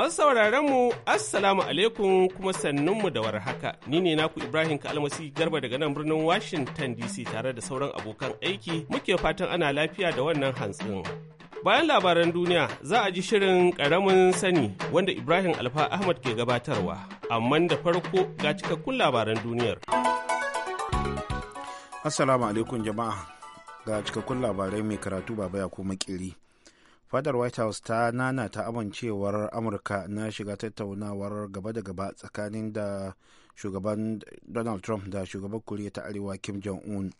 Masu sauraron mu Assalamu alaikum kuma sannunmu da warhaka. Ni ne naku Ibrahim Kalmasi Garba daga nan birnin Washington DC tare da sauran abokan aiki muke fatan ana lafiya da wannan hantsin. Bayan labaran duniya za a ji shirin karamin sani wanda Ibrahim Alfa Ahmad ke gabatarwa, amma da farko ga cikakkun labaran duniyar. Assalamu alaikum jama'a ga cikakkun labarai mai karatu baba ya kuma kiri. fadar white house ta nana ta amincewar amurka na shiga tattaunawar gaba da gaba tsakanin da shugaban donald trump da shugaban koriya ta arewa kim jong-un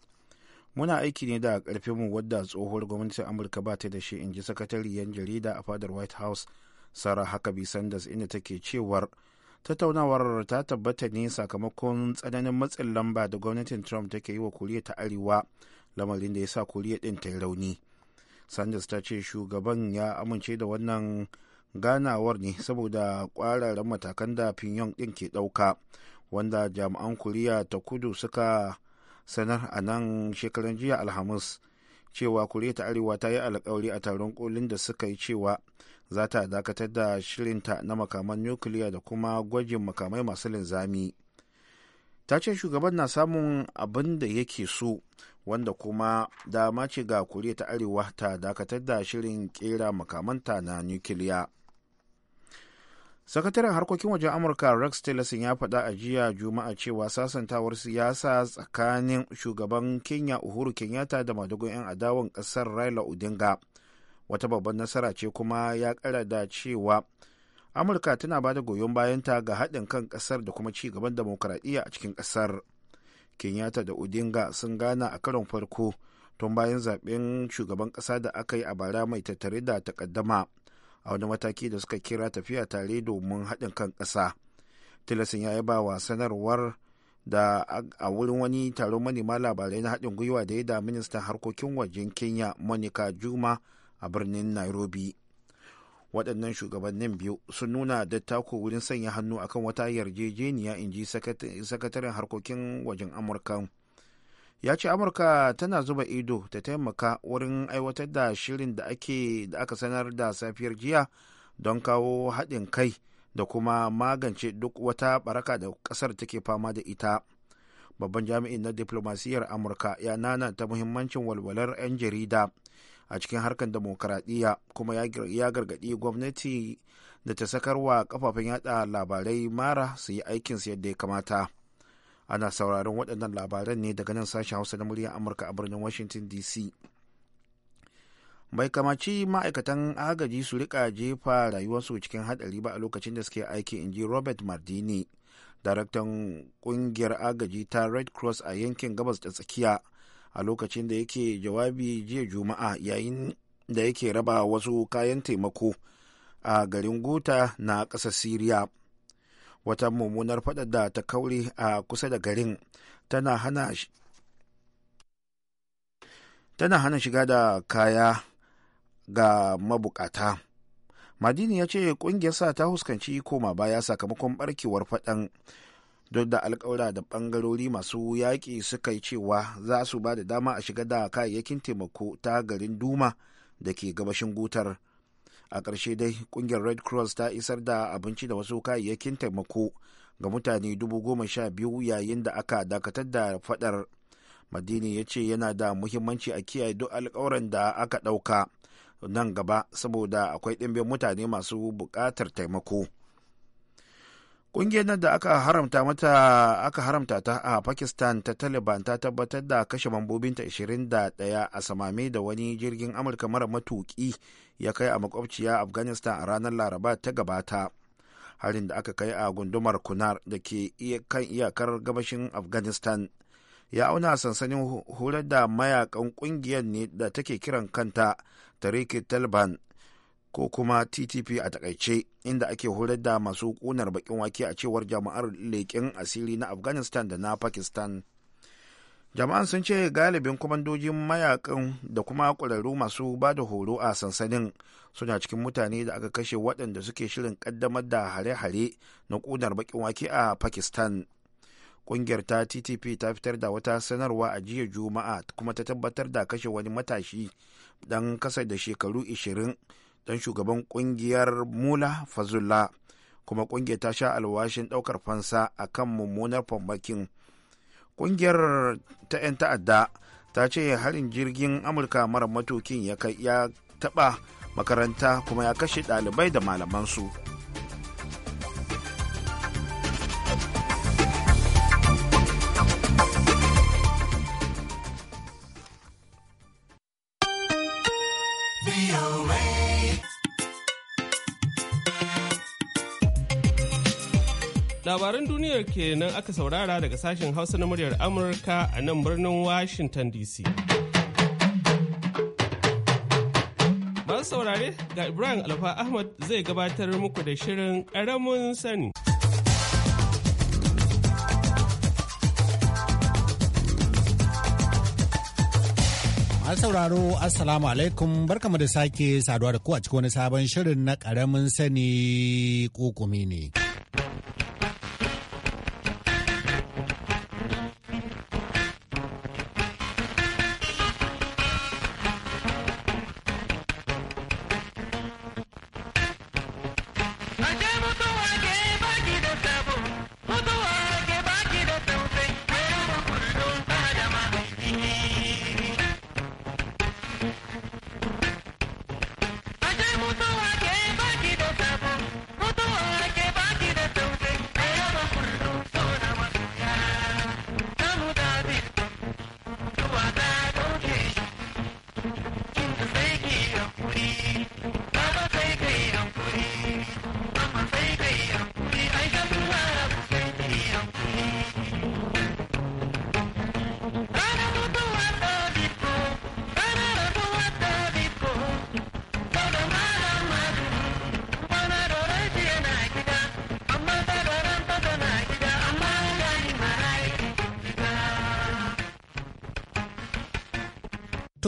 muna aiki ne da mu wadda tsohuwar gwamnatin amurka ba ta da shi in ji sakatariyar jarida a fadar white house sarah huckabee sanders inda take cewar tattaunawar ta tabbata ne sakamakon tsananin matsin lamba da gwamnatin trump take yi wa koriya ta arewa lamarin da ya sa koriya din ta yi rauni sanders ta ce shugaban ya amince da wannan ganawar ne saboda kwararren matakan da pyongyang din ke dauka wanda jami'an kuriya ta kudu suka sanar a nan shekaran jiya alhamis cewa kuriya ta arewa ta yi alkawari a taron kolin da suka yi cewa za ta dakatar da shirinta na makaman nukiliya da kuma gwajin makamai masu linzami ta ce shugaban na samun abin da yake so wanda kuma dama ce ga koriya ta arewa ta dakatar da shirin kera makamanta na nukiliya sakataren harkokin wajen amurka rex tillerson ya faɗa a jiya juma'a cewa sasantawar siyasa tsakanin shugaban kenya uhuru kenyatta da madagun 'yan adawan ƙasar raila odinga wata babban nasara ce kuma ya ƙara da cewa amurka tana ba da goyon bayanta ga haɗin kan ƙasar da kuma ci gaban demokuraɗiyya a cikin ƙasar kenyatta da odinga sun gana a karon farko tun bayan zaben shugaban kasa da aka yi a bara mai tattare da takaddama a wani mataki da suka kira tafiya tare domin haɗin kan ƙasa tilasin ya ba wa sanarwar da a wurin wani taron manema labarai na haɗin gwiwa da ya da ministan harkokin wajen kenya monica juma a birnin nairobi waɗannan shugabannin biyu sun nuna da tako wurin sanya hannu akan wata yarjejeniya in ji sakataren harkokin wajen amurka ya ce amurka tana zuba ido ta taimaka wurin aiwatar da shirin da ake da aka sanar da safiyar jiya don kawo haɗin kai da kuma magance duk wata baraka da ƙasar take fama da ita babban jami'in na diplomasiyyar amurka ya nana ta muhimmancin walwalar 'yan jarida a cikin harkar demokuraɗiyya kuma ya gargaɗi gwamnati da ta sakarwa kafafen yada labarai mara su yi su yadda ya kamata ana sauraron waɗannan labaran ne daga nan sashen hausa na muryar amurka a birnin washington dc bai kamaci ma'aikatan agaji su rika jefa rayuwarsu cikin haɗari ba a lokacin da suke aiki in ji robert mardini daraktan kungiyar agaji ta red cross a yankin gabas da tsakiya a lokacin da yake jawabi jiya juma'a yayin da yake raba wasu kayan taimako a garin guta na ƙasar siriya wata mummunar faɗa da ta kauri a kusa da garin tana hana tana hana shiga da kaya ga mabukata madini ya ce ƙungiyarsa ta huskanci koma baya sakamakon barkewar faɗan duk da alkawura da bangarori masu yaƙi suka yi cewa za su ba da dama a shiga da kayayyakin taimako ta garin duma da ke gabashin gutar a ƙarshe dai ƙungiyar red cross ta isar da abinci da wasu kayayyakin taimako ga mutane dubu goma sha biyu yayin da aka dakatar da fadar madini ya ce yana da muhimmanci a kiyaye duk alkawuran da aka ɗauka nan gaba saboda akwai ɗimbin mutane masu buƙatar taimako. Ƙungiyar nan da aka haramta mata aka haramta ta a Pakistan ta Taliban ta tabbatar da kashe mambobinta 21 a samame da wani jirgin Amurka mara matuki ya kai a makwabciya Afghanistan a ranar Laraba ta gabata. Harin da aka kai a gundumar Kunar da ke kan iyakar gabashin Afghanistan ya auna sansanin horar da mayakan ƙungiyar ne da take kiran kanta Tariqi Taliban ko kuma ttp a takaice inda ake horar da masu kunar bakin wake a cewar jama'ar leƙen asiri na afghanistan da na pakistan jama'an sun ce galibin kwamandojin mayakan da kuma ƙwararru masu ba da horo a sansanin suna cikin mutane da aka kashe waɗanda suke shirin ƙaddamar da hare-hare na ƙunar bakin wake a pakistan ƙungiyar ta ttp ta fitar da wata sanarwa a jiya juma'a kuma ta tabbatar da kashe wani matashi ɗan kasa da shekaru 20 dan shugaban kungiyar mula fazula kuma kungiyar ta sha alwashin daukar fansa a kan mummunar farmakin kungiyar ta 'yan ta'adda ta ce harin jirgin amurka mara matukin ya taba makaranta kuma ya kashe ɗalibai da malamansu. su kenan aka saurara daga sashen Hausa na muryar Amurka a nan birnin Washington DC. Masu saurare ga Ibrahim Alfa Ahmad zai gabatar muku da shirin ƙaramin sani. Masu sauraro Assalamu alaikum barkamu da sake saduwa da ku a cikin wani sabon shirin na karamin sani kokumi ne.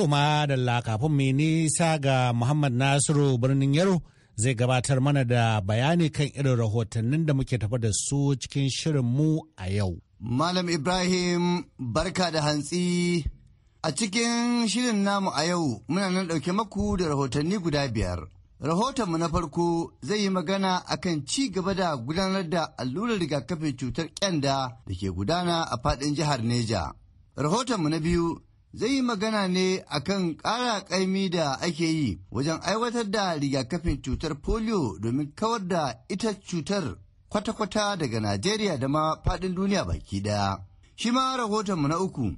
To ma da kafin mai nisa ga Muhammad Nasiru birnin Yaro zai gabatar mana da bayani kan irin rahotannin da muke tafa da su cikin shirin mu a yau. Malam Ibrahim barka da hantsi a cikin shirin namu a yau muna nan ɗauke maku da rahotanni guda biyar. Rahotonmu na farko zai yi magana akan ci gaba da gudanar da allurar rigakafin cutar kyanda da ke gudana a faɗin jihar Neja. Rahotonmu na biyu zai yi magana ne akan ƙara ƙaimi da ake yi wajen aiwatar da rigakafin cutar polio domin kawar da ita cutar kwata-kwata daga Najeriya da ma faɗin duniya baki ɗaya. Shi ma rahotonmu na uku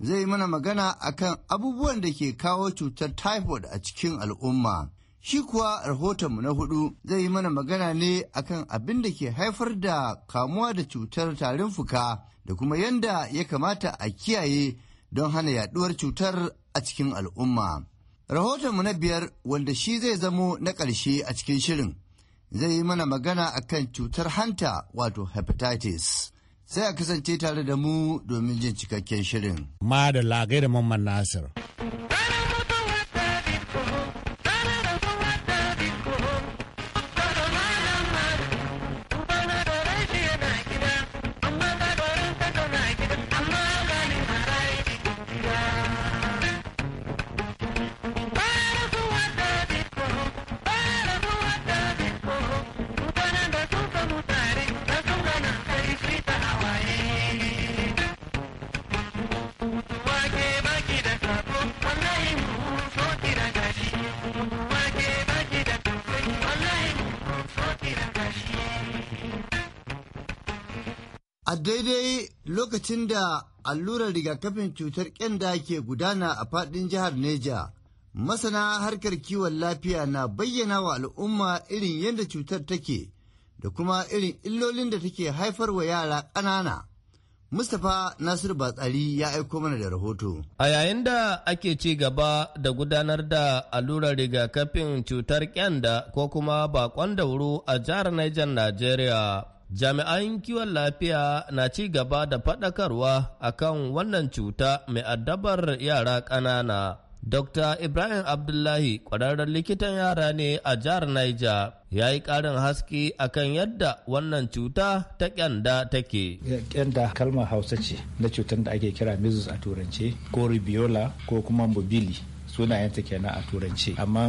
zai mana magana akan abubuwan da ke kawo cutar typhoid a cikin al'umma. Shi kuwa rahotonmu na hudu zai yi mana magana ne akan abin da ke haifar da kamuwa da cutar tarin fuka da kuma yanda ya kamata a kiyaye don hana yaduwar cutar a cikin al'umma. Rahotonmu na biyar wanda shi zai zamo na ƙarshe a cikin shirin zai yi mana magana a kan cutar hanta wato hepatitis. Sai a kasance tare da mu domin jin cikakken shirin. Ma da lagai da Mamman Nasir. daidai lokacin da allurar rigakafin cutar ƙyanda ke gudana a faɗin jihar Neja, masana harkar kiwon lafiya na bayyana wa al'umma irin yadda cutar take da kuma irin illolin da take haifar wa yara ƙanana. Mustapha Nasiru Batsari ya aiko mana da rahoto. A yayin da ake ci gaba da gudanar da allurar rigakafin cutar kyanda ko kuma bakon dauro a jihar Niger Najeriya. Jami'an kiwon lafiya na ci gaba da faɗakarwa akan wannan cuta mai addabar yara ƙanana. Dr. Ibrahim Abdullahi ƙwararren likitan yara ne a jihar Niger ya yi ƙarin haske akan yadda wannan cuta ta ƙyanda take. Ƙyanda kalmar Hausa ce na cutar da ake kira measles a turance ko ribiola ko kuma mobili. sunayenta kenan a turanci amma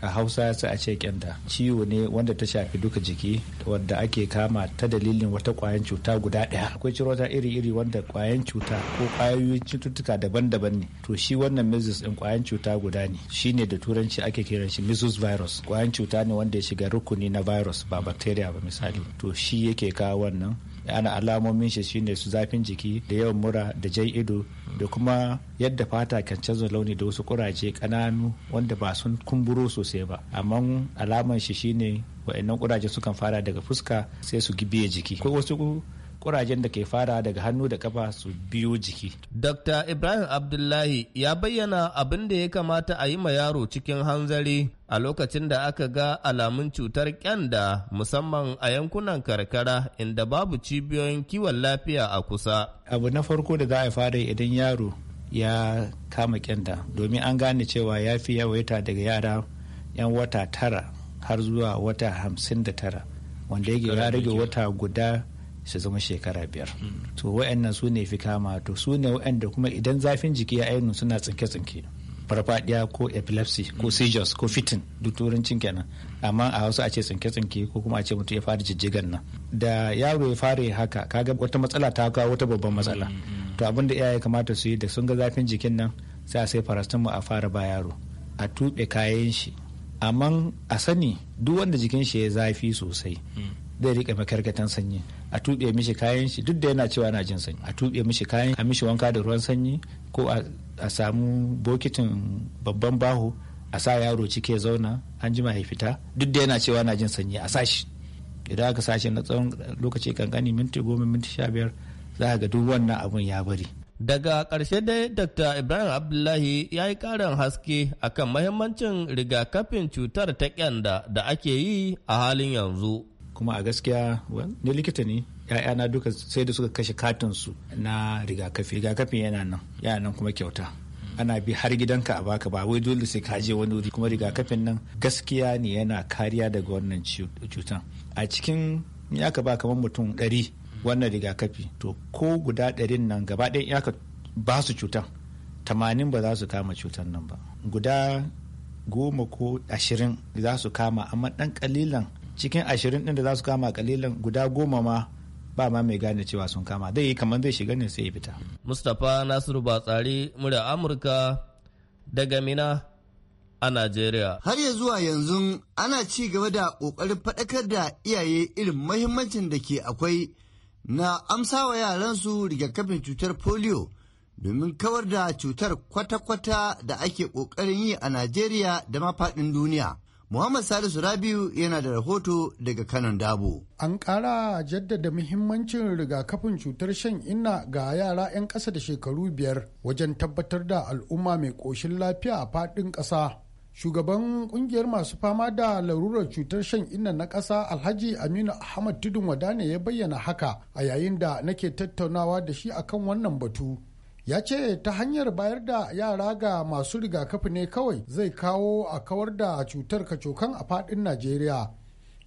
a hausa sai a ce kyanda ciwo ne wanda ta shafi duka jiki wadda ake kama ta dalilin wata kwayan cuta guda ɗaya akwai cirota iri-iri wanda kwayan cuta ko kwayoyin cututtuka daban-daban ne to shi wannan measles din kwayan cuta guda ne shine da turanci ake kiran shi mizus virus kwayan cuta ne wanda ya shiga rukuni na virus ba bacteria ba misali to shi yake kawo wannan ana alamomin shi shine su zafin jiki da yawan mura da jan ido da kuma yadda fata kan canza launi da wasu kuraje kananu wanda ba sun kumburo sosai ba amma alaman shi shine wa'annan kuraje sukan fara daga fuska sai su gibiye jiki ko wasu kurajen da ke fara daga hannu da kafa su biyu jiki. Dr. Ibrahim Abdullahi ya bayyana abin da ya kamata a yi ma yaro cikin hanzari a lokacin da aka ga alamun cutar kyanda musamman a yankunan karkara inda babu cibiyoyin kiwon lafiya a kusa. Abu na farko da za a fara idan yaro ya kama kyanda domin an gane cewa ya fi yawaita daga yara 'yan wata tara har zuwa wata hamsin da tara wanda ya rage wata guda su zama shekara biyar hmm. to wa'annan su ne fi kama to su ne wa'anda kuma idan zafin jiki ya ainu suna tsinke-tsinke farfadiya ko epilepsy ko hmm. seizures ko fitin duk turancin kenan amma a wasu a ce tsinke-tsinke ko kuma a ce mutum ya fara jijjigan nan da yaro ya fara haka kaga wata matsala ta kawo wata babban matsala hmm, to abinda iyaye kamata su yi da sun ga zafin jikin nan sai a sai farastin a fara ba yaro a tuɓe kayan shi amma a sani duk wanda jikin shi ya zafi sosai zai rike makarkatan sanyi a tuɓe mishi kayan shi duk da yana cewa na jin sanyi a tuɓe mishi kayan a mishi wanka da ruwan sanyi ko a samu bokitin babban baho a sa yaro cike zauna an jima ya fita duk da yana cewa na jin sanyi a sashi idan aka sashi na tsawon lokaci kankani minti goma minti sha biyar za ga duk wannan abun ya bari daga ƙarshe dai dr ibrahim abdullahi ya yi ƙarin haske akan mahimmancin rigakafin cutar ta kyanda da ake yi a halin yanzu kuma a gaskiya ne likita ne ‘ya'yana duka sai da suka kashe katinsu na rigakafi rigakafin yana nan yana nan kuma kyauta ana bi har gidanka a baka ba wai dole sai kaje wani wuri kuma rigakafin nan gaskiya ne yana kariya daga wannan cutan a cikin ya ka ba kamar mutum ɗari wannan rigakafi to ko guda ɗarin nan gaba ɗaya ya ka ba su cutan tamanin ba za su kama cutan nan ba guda goma ko ashirin za su kama amma ɗan ƙalilan cikin ashirin ɗin da za su kama kalilan guda goma ma ba ma mai gane cewa sun kama dai kamar zai shiga ne sai ya fita. Mustapha Nasiru Batsari murya Amurka daga Mina a Najeriya. Har ya zuwa yanzu ana ci gaba da kokarin faɗakar da iyaye irin mahimmancin da ke akwai na amsa amsawa yaransu rigakafin cutar polio domin kawar da cutar kwata-kwata da ake ƙoƙarin yi a Najeriya da ma faɗin duniya. Muhammad Salisu Rabiu yana da rahoto daga kanon dabo. An ƙara jaddada muhimmancin rigakafin cutar shan inna ga yara 'yan ƙasa da shekaru biyar wajen tabbatar da al'umma mai ƙoshin lafiya a faɗin ƙasa. Shugaban ƙungiyar masu fama da larurar cutar shan inna na ƙasa Alhaji Aminu Ahmad Tudun Wadane ya bayyana haka a yayin da nake tattaunawa da shi akan wannan batu. ya ce ta hanyar bayar da yara ga masu rigakafi ne kawai zai kawo a kawar da cutar kacokan a fadin najeriya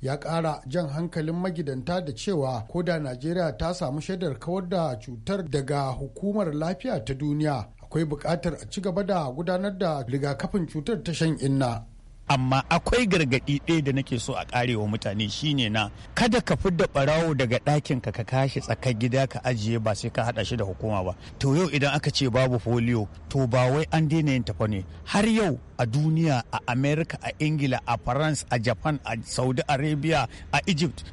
ya kara jan hankalin magidanta da cewa ko da najeriya ta samu shaidar kawar da cutar daga hukumar lafiya ta duniya akwai bukatar a ci gaba da gudanar da rigakafin cutar ta shan inna amma akwai gargaɗi ɗaya da nake so a ƙarewa mutane shine na kada ka fi da ɓarawo daga ɗakin ka ka kashi tsakar gida ka ajiye ba sai ka haɗa shi da hukuma ba to yau idan aka ce babu foliyo to ba wai an daina yin tafa ne har yau a duniya a america a ingila a france a japan a saudi arabia a egypt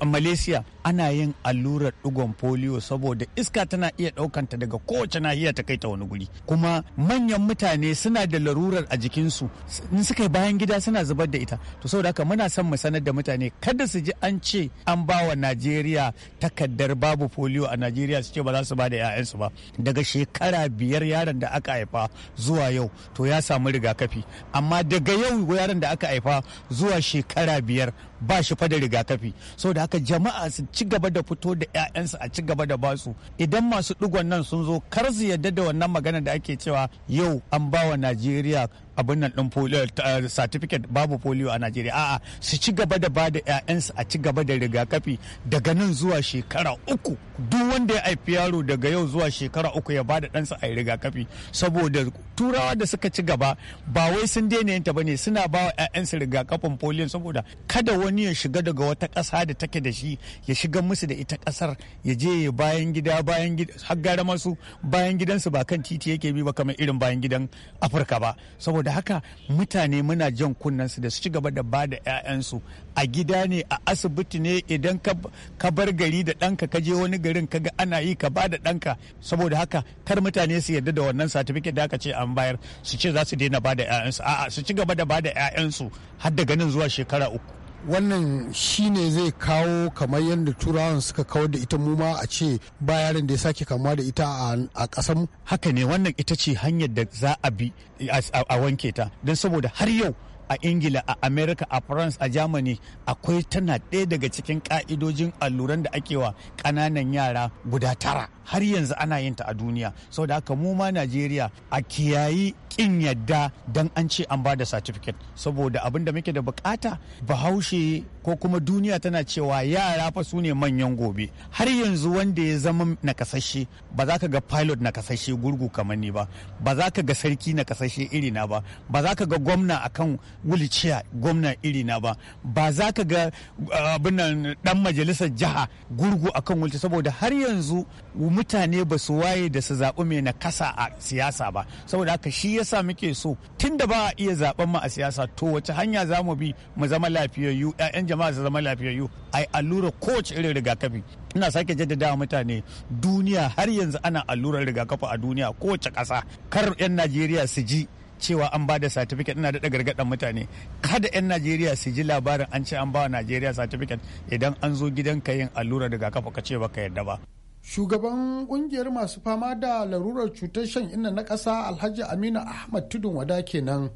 a malaysia ana yin allurar digon polio saboda iska tana iya daukanta daga kowace nahiya ta kai ta wani guri kuma manyan mutane suna da larurar a jikinsu in suka bayan gida suna zubar da ita to saboda haka muna son mu sanar da mutane kada su ji an ce an ba wa najeriya takardar babu polio a najeriya su ce ba za su ba da 'ya'yansu ba daga shekara biyar yaron da aka haifa zuwa yau to ya samu riga rigakafi amma daga yau yaron da aka haifa zuwa shekara biyar ba shi fa da rigakafi saboda haka jama'a su ci gaba da fito da 'ya'yansu a ci gaba da basu idan masu digon nan sun zo kar su yadda da wannan magana da ake cewa yau an ba wa najeriya abin nan ɗin eh, certificate babu polio a najeriya a'a su ci gaba da bada da 'ya'yansu a ci gaba da rigakafi daga nan zuwa shekara uku duk wanda ya haifi yaro daga yau zuwa shekara uku ya bada ɗansa a rigakafi saboda turawa da suka ci gaba ba wai sun daina ba bane suna ba wa 'ya'yansu rigakafin polio saboda kada wani ya shiga daga wata ƙasa da take da shi ya shiga musu da ita ƙasar ya je bayan gida bayan gida har gara masu bayan gidansu ba kan titi yake bi ba kamar irin bayan gidan afirka ba saboda haka mutane muna jan su da su ci gaba da ba da 'ya'yansu a gida ne a asibiti ne idan ka bar gari da ɗanka ka je wani garin ka ga ana yi ka ba da ɗanka saboda haka kar mutane su yarda da wannan satifike da aka ce an bayar su ce za su daina bada da 'ya'yansu a'a su ci gaba da bada da 'ya'yansu har da ganin zuwa shekara uku wannan shine zai kawo kamar yadda turawan suka kawar da ita muma a ce ba yaron da ya sake kama da ita a ƙasar haka ne wannan ita ce hanyar da za a bi a wanke ta don saboda har yau a ingila a america a france a germany akwai tana ɗaya daga cikin ka'idojin alluran da ake wa ƙananan yara guda tara har yanzu ana yin ta a duniya saboda haka mu ma najeriya a kiyayi kin yadda dan an ce an ba da certificate saboda abin da muke da bukata bahaushe ko kuma duniya tana cewa yara fa su ne manyan gobe har yanzu wanda ya zama nakasashe ba za ka ga pilot nakasashe gurgu kamar ni ba ba za ka ga sarki nakasashe irina ba ba za ka ga gwamna akan wuliciya gwamna irina ba ba za ka ga ah, abin nan dan majalisar jiha gurgu akan wulci saboda har yanzu mutane ba su waye da su zaɓi mai nakasa a siyasa ba saboda haka shi ya. yasa muke so tun da ba a iya zaben mu a siyasa to wace hanya za mu bi mu zama lafiyayyu 'ya'yan jama'a su zama lafiyayyu yi allura kowace irin rigakafi ina sake jaddada mutane duniya har yanzu ana allurar rigakafi a duniya kowace ƙasa kar 'yan najeriya su ji cewa an ba da satifiket ina daɗa gargaɗin mutane kada 'yan najeriya su ji labarin an ce an ba wa najeriya satifiket idan an zo gidanka yin allurar rigakafi ka ce baka yarda ba shugaban kungiyar masu fama da larurar cutar shan inna na ƙasa alhaji aminu ahmad tudun wada kenan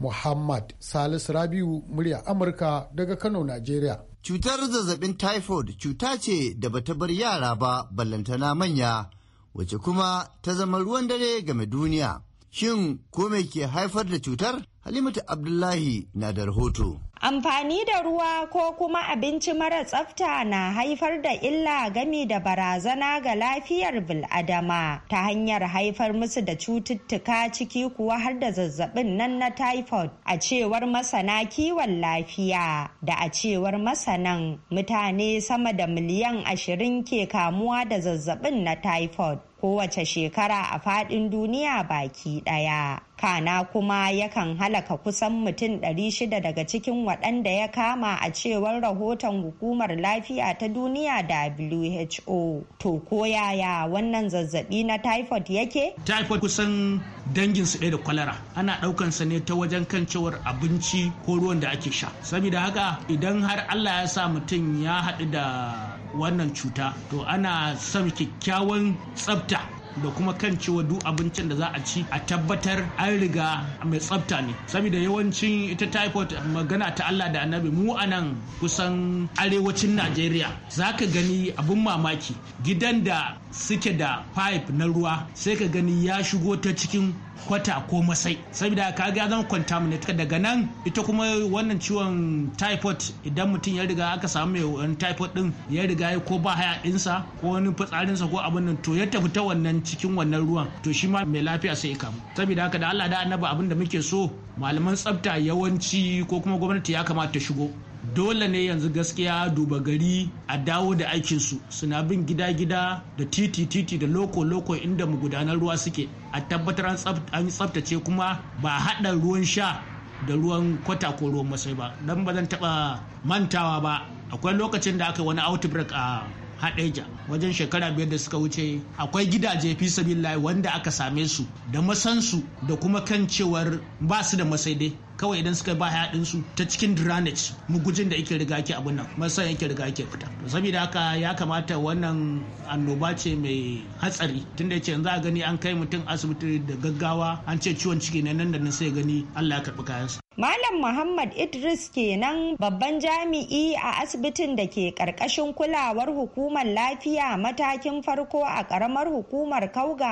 muhammad salisu rabiu murya amurka daga kano nigeria cutar zazzabin typhoid cuta ce da bata bar yara ba ballantana manya wace kuma ta zama ruwan dare game duniya shin ko me ke haifar da cutar Halimatu Abdullahi na da rahoto. Amfani da ruwa ko kuma abinci mara tsafta na haifar da illa gami da barazana ga lafiyar bil'adama ta hanyar haifar musu da cututtuka ciki kuwa har da zazzabin nan na typhoid a cewar masana kiwon lafiya da a cewar masanan mutane sama da miliyan ashirin ke kamuwa da zazzabin na typhoid kowace shekara a faɗin duniya baki ɗaya. Kana kuma yakan halaka kusan mutum 600 daga cikin waɗanda ya kama a cewar rahoton hukumar lafiya ta duniya WHO. To ko yaya wannan zazzabi na typhoid yake? Typhoid kusan dangin su da kwalara ana ɗaukan sa ne ta wajen kan cewar abinci ko ruwan da ake sha. Saboda haka idan har Allah ya sa mutum ya haɗu da wannan cuta to ana son kyakkyawan tsafta da kuma kan cewa duk abincin da za a ci a tabbatar an riga mai tsafta ne saboda yawancin ita typhoid magana ta Allah da annabi mu anan kusan arewacin Najeriya zaka gani abin mamaki gidan da suke da pipe na ruwa sai ka gani ya shigo ta cikin kwata ko masai saboda ka ga zama contaminated daga nan ita kuma wannan ciwon typhoid idan mutum ya riga aka samu mai wani typhoid din ya riga ya ko ba haya dinsa ko wani fitsarinsa ko abin nan to ya tafi ta wannan cikin wannan ruwan to shi ma mai lafiya sai ya kamu saboda haka da Allah da annaba abin da muke so malaman tsafta yawanci ko kuma gwamnati ya kamata ta shigo dole ne yanzu gaskiya duba gari a dawo da aikinsu suna bin gida-gida da titi-titi da loko-loko inda magudanar ruwa suke a tabbatar an tsaftace kuma ba haɗa ruwan sha da ruwan kwata ko ruwan masai ba don ba zan taɓa mantawa ba akwai lokacin da aka wani outbreak a haɗeja wajen shekara biyar da suka wuce akwai gidaje fi sabillahi wanda aka same su da masansu da kuma kan cewar ba su da dai. kawai idan suka ba haɗin su ta cikin drainage mugujin da yake riga ke abun nan masan yake riga ake fita to saboda haka ya kamata wannan annoba ce mai hatsari tunda yake yanzu a gani an kai mutum asibiti da gaggawa an ce ciwon ciki ne nan da nan sai gani Allah ya karɓi kayansa Malam Muhammad Idris kenan babban jami'i a asibitin da ke ƙarƙashin kulawar hukumar lafiya matakin farko a karamar hukumar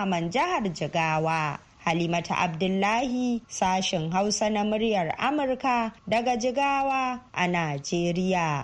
man jihar Jigawa. Halimatu Abdullahi sashen Hausa na muryar Amurka daga Jigawa a Najeriya.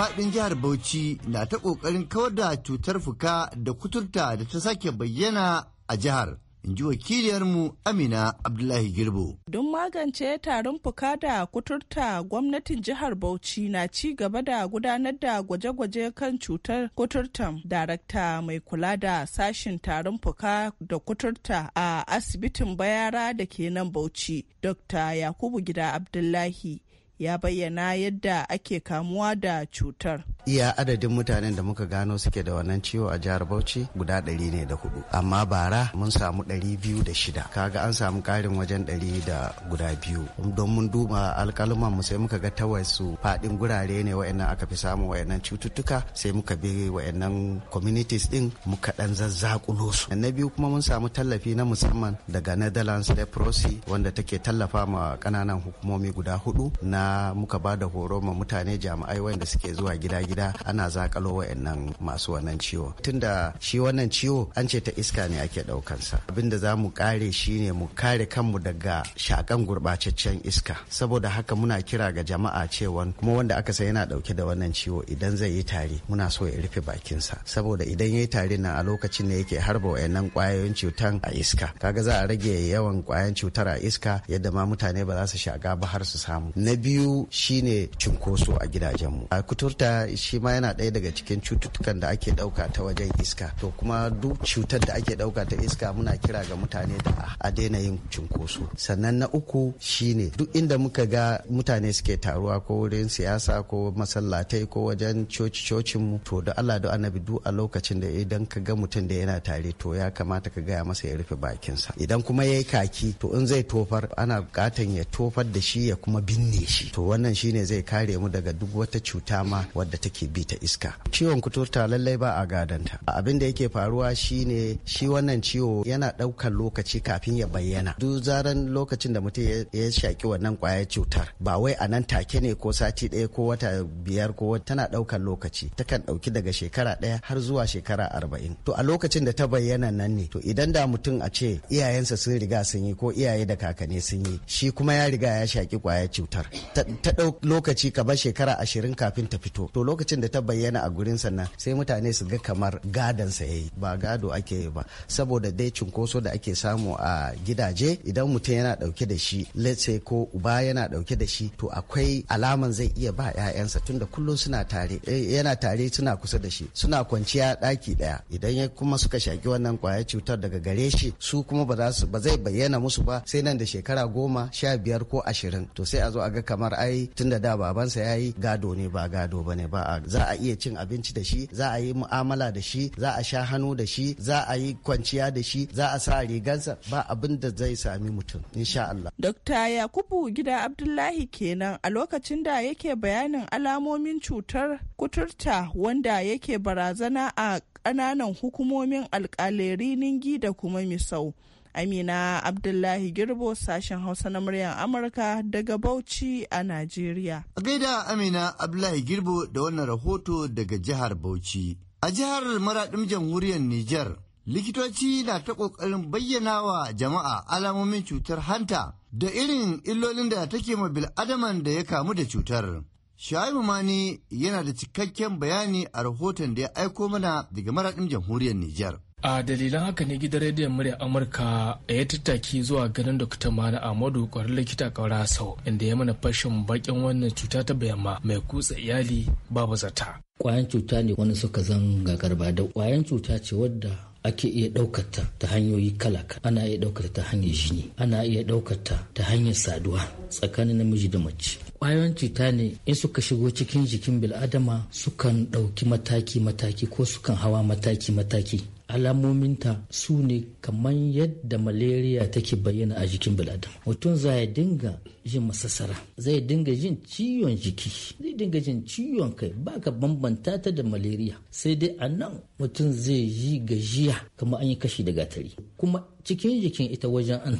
faɗin jihar Bauchi na ta ƙoƙarin kawar da cutar fuka da kuturta da ta sake bayyana a jihar. in ji wakiliyarmu amina abdullahi girbo don magance tarin fuka da kuturta gwamnatin jihar bauchi na ci gaba da gudanar da gwaje-gwaje kan cutar kuturtan darakta mai kula da sashin tarin fuka da kuturta a asibitin bayara da ke nan bauchi dr yakubu gida abdullahi ya bayyana yadda ake kamuwa da cutar. Iya adadin mutanen da muka gano suke da wannan ciwo a jihar Bauchi guda ɗari ne da hudu. Amma bara mun samu ɗari biyu da shida. Kaga an samu ƙarin wajen ɗari da guda biyu. Don mun duba alƙaluman mu sai muka ga ta wasu faɗin gurare ne wa'annan aka fi samun wa'annan cututtuka sai muka bi wa'annan communities ɗin muka ɗan zazzakulo su. Na biyu kuma mun samu tallafi na musamman daga Netherlands Leprosy wanda take tallafa ma ƙananan hukumomi guda hudu na A muka ba da horo ma mutane jami'ai wanda suke zuwa gida-gida ana zakalo wa'annan masu wannan ciwo tunda shi wannan ciwo an ce ta iska ne ake daukansa abinda za mu kare shi ne mu kare kanmu daga shakan gurbataccen iska saboda haka muna kira ga jama'a cewa kuma wanda aka sai yana dauke da wannan ciwo idan zai yi tari muna so ya rufe bakinsa saboda idan ya yi tari nan a lokacin da yake harba wa'annan kwayoyin cutan a iska kaga za a rage yawan kwayan cutar a iska yadda ma mutane ba za su shaka ba har su samu na biyu biyu shine cunkoso a gidajenmu a kuturta shi ma yana ɗaya daga cikin cututtukan da ake ɗauka ta wajen iska to kuma duk cutar da ake ɗauka ta iska muna kira ga mutane da a daina yin cunkoso sannan na uku shine duk inda muka ga mutane suke taruwa ko wurin siyasa ko masallatai ko wajen coci cocin mu to da Allah da annabi duk a lokacin da idan ka ga mutum da yana tare to ya kamata ka gaya masa ya rufe bakinsa idan kuma yayi kaki to in zai tofar ana bukatan ya tofar da shi ya kuma binne shi to wannan shine zai kare mu daga duk wata cuta ma wadda take bi ta iska ciwon kuturta lallai ba a gadanta abin da yake faruwa shine shi wannan ciwo yana ɗaukar lokaci kafin ya bayyana duk zaran lokacin da mutum ya shaki wannan kwayar cutar ba wai a nan take ne ko sati ɗaya ko wata biyar ko tana ɗaukar lokaci ta kan ɗauki daga shekara ɗaya har zuwa shekara arba'in to a lokacin da ta bayyana nan ne to idan da mutum a ce iyayensa sun riga sun yi ko iyaye da kakanni sun yi shi kuma ya riga ya shaki kwayar cutar ta ɗau lokaci ba shekara ashirin kafin ta fito to lokacin da ta bayyana a gurin sannan sai mutane su ga kamar gadon sa yayi ba gado ake yi ba saboda dai cunkoso da ake samu a gidaje idan mutum yana ɗauke da shi let's say ko uba yana ɗauke da shi to akwai alaman zai iya ba ƴaƴansa tunda kullum suna tare eh, yana tare suna kusa da shi suna kwanciya ɗaki ɗaya idan ya kuma suka shaki wannan kwayar cutar daga gare shi su kuma ba za su ba zai bayyana musu ba sai nan da shekara goma sha biyar ko ashirin to sai a zo a ga kamar kamar ai tunda da babansa ya yi gado ne ba gado ba ne ba za a iya cin abinci da shi za a yi mu'amala da shi za a sha hannu da shi za a yi kwanciya da shi za a sa rigansa ba abin da zai sami mutum insha Allah. Dokta Yakubu Gida Abdullahi kenan a lokacin da yake bayanin alamomin cutar kuturta wanda yake barazana a ƙananan hukumomin alƙalerinin ningi da kuma misau. Amina Abdullahi Girbo sashen Hausa na muryar Amurka daga Bauchi a Najeriya. A gaida Amina Abdullahi Girbo da wannan rahoto daga jihar Bauchi. A jihar Maraɗin Jamhuriyar Nijar, likitoci na ta ƙoƙarin bayyana wa jama'a alamomin cutar hanta da irin illolin da take ma bil'adaman da ya kamu da cutar. Shaibu Mani yana da cikakken bayani a rahoton da ya aiko mana daga Maraɗin Jamhuriyar Nijar. a dalilan haka ne gidan rediyon murya amurka ya tattaki zuwa ganin dokta mana amadu kwarar likita kaura sau inda ya mana fashin bakin wannan cuta ta bayamma mai kutsa iyali babu zata kwayan cuta ne wani suka zanga garba da kwayan cuta ce wadda ake iya ɗaukata ta hanyoyi kala ana iya ɗaukata ta hanyar jini ana iya ɗaukata ta hanyar saduwa tsakanin namiji da mace kwayoyin cuta ne in suka shigo cikin jikin bil'adama sukan ɗauki mataki-mataki ko sukan hawa mataki-mataki alamominta su ne kamar yadda malaria take bayyana a jikin bil'adama mutum za ya dinga jin masasara zai dinga jin ciwon jiki zai dinga jin ciwon kai baka bambanta ta da malaria sai dai a nan mutum zai yi gajiya kamar an yi kashi da gatari kuma cikin jikin ita wajen An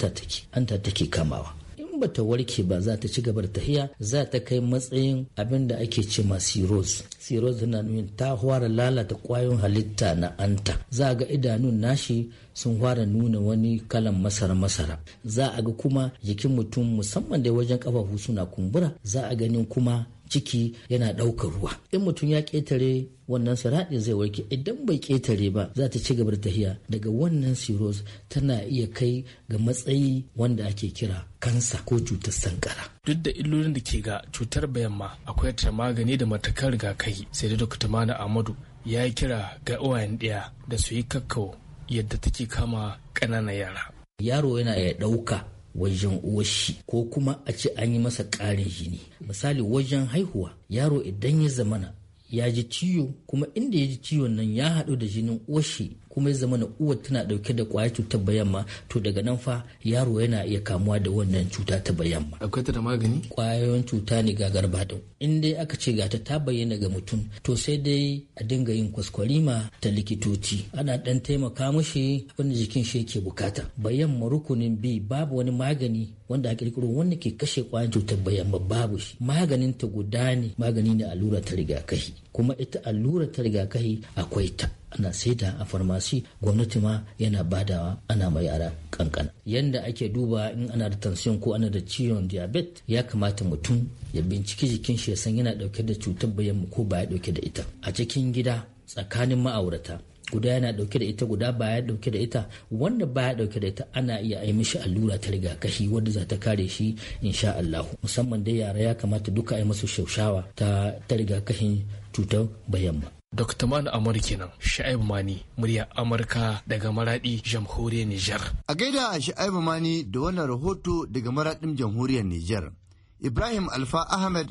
anta take kamawa ba ta warke ba za ta ci gaba da tahiya za ta kai matsayin abin da ake ce ma cirrhosis cirrhosis na nuna ta fara lalata kwayoyin halitta na anta za ga idanun nashi sun fara nuna wani kalan masara-masara za a ga kuma jikin mutum musamman da wajen kafafu suna kumbura za a ganin kuma ciki yana ɗaukar ruwa in mutum ya ƙetare wannan siraɗi zai warke idan bai ƙetare ba za ta ci gaba da tahiya daga wannan siros tana iya kai ga matsayi wanda ake kira kansa ko cutar sankara. Duk da illolin da ke ga cutar bayanma akwai ta magani da matakan rigakafi sai da dokta Mana Amadu, ya kira ga uwayen ɗaya da su yi kakkau yadda take kama ƙananan yara. Yaro yana ya ɗauka wajen uwashi ko kuma a ce an yi masa ƙarin jini misali wajen haihuwa yaro idan ya zamana ya ji ciwo kuma inda ya ji ciwon nan ya haɗu da jinin uwashi kuma ya zama na uwar tana dauke da kwayar cutar ma. to daga nan fa yaro yana iya kamuwa da wannan cuta ta ma. akwai ta da magani kwayoyin cuta ne gagar badin in dai aka ce ga ta ta bayyana ga mutum to sai dai a dinga yin kwaskwarima ta likitoci ana dan taimaka mashi wanda jikin shi yake bukata bayamma rukunin bi, babu wani magani wanda a kirkiro wanda ke kashe kwayan cutar ma babu shi maganin ta guda ne magani ne allura ta rigakafi kuma ita allura ta rigakafi akwai ta ana saida a farmasi gwamnati ma yana badawa ana mai yara kankana yanda ake duba in ana da tension ko ana da ciwon diabet ya kamata mutum ya binciki jikin shi ya san yana dauke da cutar bayan ko baya dauke da ita a cikin gida tsakanin ma'aurata guda yana dauke da ita guda baya dauke da ita wanda baya dauke da ita ana iya yi mishi allura ta rigakafi wadda za ta kare shi insha Allah musamman dai yara ya kamata duka ai musu shaushawa ta ta rigakafin cutar bayamma. Dr. man Amar kenan Sha'ib Mani murya Amurka daga Maradi jamhuriyar Nijar. A gaida a Sha'ib Mani da wannan rahoto daga Maradin jamhuriyar Nijar. Ibrahim Alfa Ahmed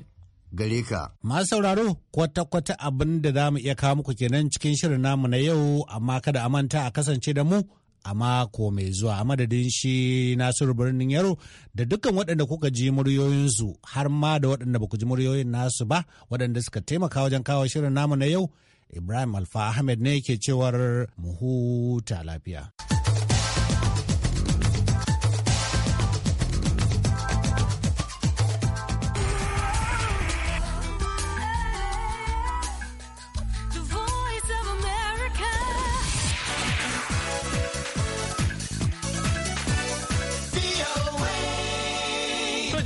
gare ka. Masu sauraro kwata-kwata abin da za mu iya kawo muku kenan cikin shirin namu na yau amma kada a manta a kasance da mu a mako mai zuwa a madadin shi nasiru birnin yaro da dukkan waɗanda kuka ji muryoyinsu har ma da waɗanda baku ji muryoyin nasu ba waɗanda suka taimaka wajen kawo shirin namu na yau ibrahim alfa ahmed ne ke cewar mu huta lafiya.